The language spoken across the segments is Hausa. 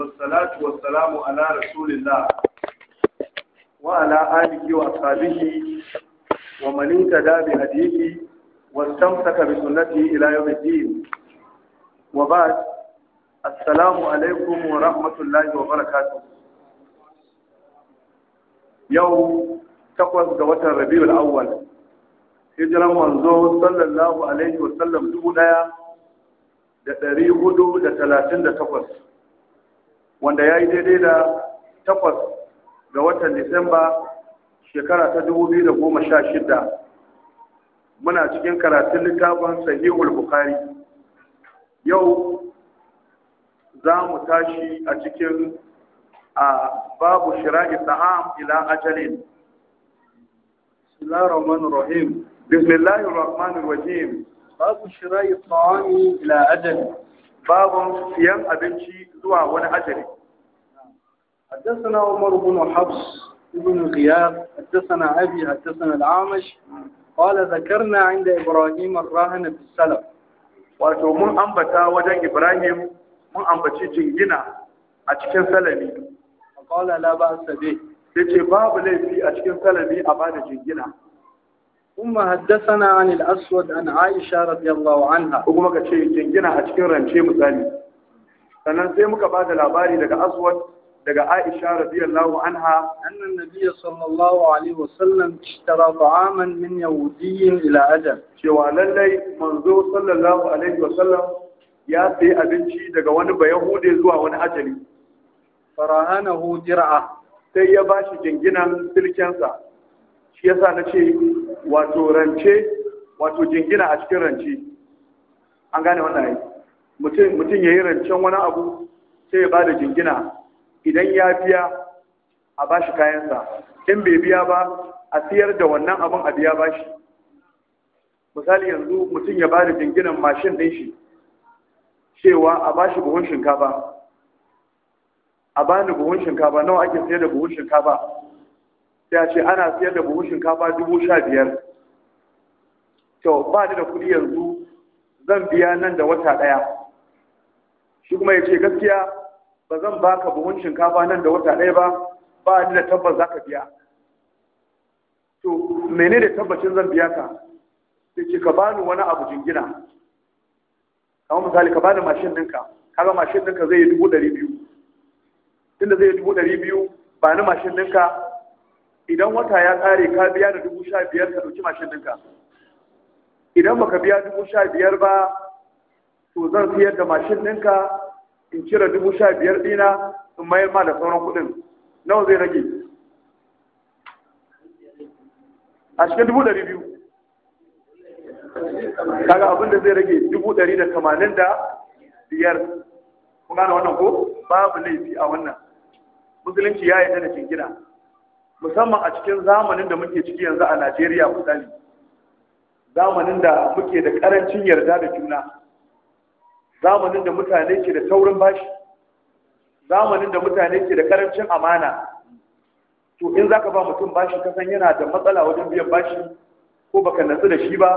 والصلاة والسلام على رسول الله وعلى آله وأصحابه ومن انتدى بهديه واستمسك بسنته إلى يوم الدين وبعد السلام عليكم ورحمة الله وبركاته يوم تقوى دوات الربيع الأول hijiran manzo صلى الله عليه وسلم daya da ɗari hudu da talatin da takwas wanda ya yi daidai da takwas ga watan disamba shekara ta dubu biyu da goma sha shida muna cikin karatun littafin sahihul bukhari yau za mu tashi a cikin a babu shira'i sa'am ila ajalin rahim Babu shira'i sa'am ila ajalin. babun siyan abinci zuwa wani ajali حدثنا عمر بن حفص بن غياب حدثنا أبي حدثنا العامش قال ذكرنا عند إبراهيم الراهن بالسلف wato mun ambata wajen Ibrahim mun ambaci jingina a cikin salami qala la ba'sa bi yace babu laifi a cikin salami a bada jingina kuma haddasana an al-aswad an aisha radiyallahu anha ko kuma kace jingina a cikin rance misali sannan sai muka ba da labari daga aswad daga aisha radiyallahu anha annan nabiy sallallahu alaihi wasallam ishtara ta'aman min yahudiyyin ila ajam cewa lallai manzo sallallahu alaihi wasallam ya sayi abinci daga wani bayahude zuwa wani ajali farahanahu sai ya bashi jinginan silkensa shi yasa na ce wato rance wato jingina a cikin rance an gane wannan ai mutum mutum yayi rancen wani abu sai ya bada jingina idan ya biya a bashi kayansa in bai biya ba a siyar da wannan abun a biya bashi misali yanzu mutum ya bada jinginan mashin din shi cewa a bashi buhun shinkafa a bani buhun shinkafa nawa ake sayar da buhun shinkafa Ya ce ana siyar da buhun shinkafa dubu sha biyar to ba ni da kuɗi yanzu zan biya nan da wata ɗaya shi kuma ya ce gaskiya ba zan baka buhun shinkafa nan da wata ɗaya ba ba ni da tabbas za ka biya to mene da tabbacin zan biya ka sai ce ka bani wani abu jingina kamar misali ka bani mashin ɗinka kaga mashin ɗinka zai yi dubu ɗari biyu tunda zai yi dubu ɗari biyu ba ni mashin ɗinka idan wata ya ƙare ka biya da dubu sha biyar ka ɗauki mashin ɗinka idan baka biya dubu sha biyar ba to zan siyar da mashin ɗinka in cire dubu sha biyar ɗina in mayar ma da sauran kuɗin nawa zai rage a cikin dubu ɗari biyu kaga abin da zai rage dubu ɗari da tamanin da biyar kun gane wannan ko babu laifi a wannan musulunci ya yi da jingina musamman a cikin zamanin da muke ciki yanzu a Najeriya misali zamanin da muke da karancin yarda da juna zamanin da mutane ke da taurin bashi zamanin da mutane ke da karancin amana to in zaka ba mutum bashi kasan yana da matsala wajen biyan bashi ko baka natsu da shi ba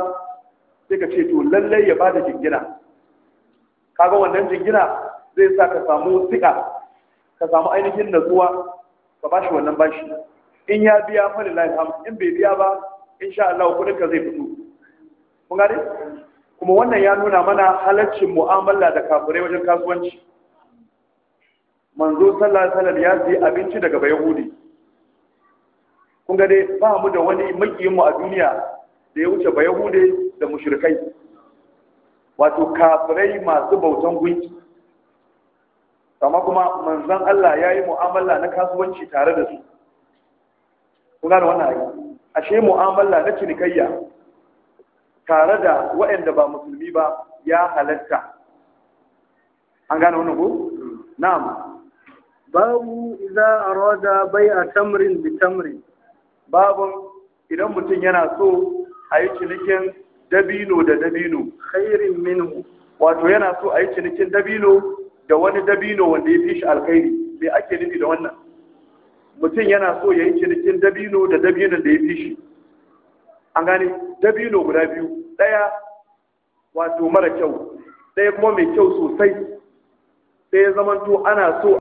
sai ka ce to lallai ya bada jingina kaga wannan jingina zai sa ka samu tsika ka samu ainihin natsuwa ka bashi wannan bashi in ya biya fa lillahi in bai biya ba insha Allah kudin ka zai fito kun gane kuma wannan ya nuna mana halaccin mu'amala da kafirai wajen kasuwanci manzo sallallahu alaihi wasallam ya sayi abinci daga bayahudi kun ga dai ba mu da wani mu a duniya da ya wuce bayahude da mushrikai wato kafirai masu bautan gunki amma kuma manzon Allah ya yi mu'amala na kasuwanci tare da su kun gane wannan ayi ashe mu'amala na cinikayya tare da waɗanda ba musulmi ba ya halatta an gane wannan ko na'am babu idza arada bai'a tamrin bi tamrin Babu idan mutum yana so a yi cinikin dabino da dabino khairin minhu wato yana so a yi cinikin dabino da wani dabino wanda ya fi shi alkhairi me ake nufi da wannan mutum yana so ya yi cinikin dabino da dabinon da ya fi shi an gane dabino guda biyu ɗaya wato mara kyau ɗaya kuma mai kyau sosai sai ya zamanto ana so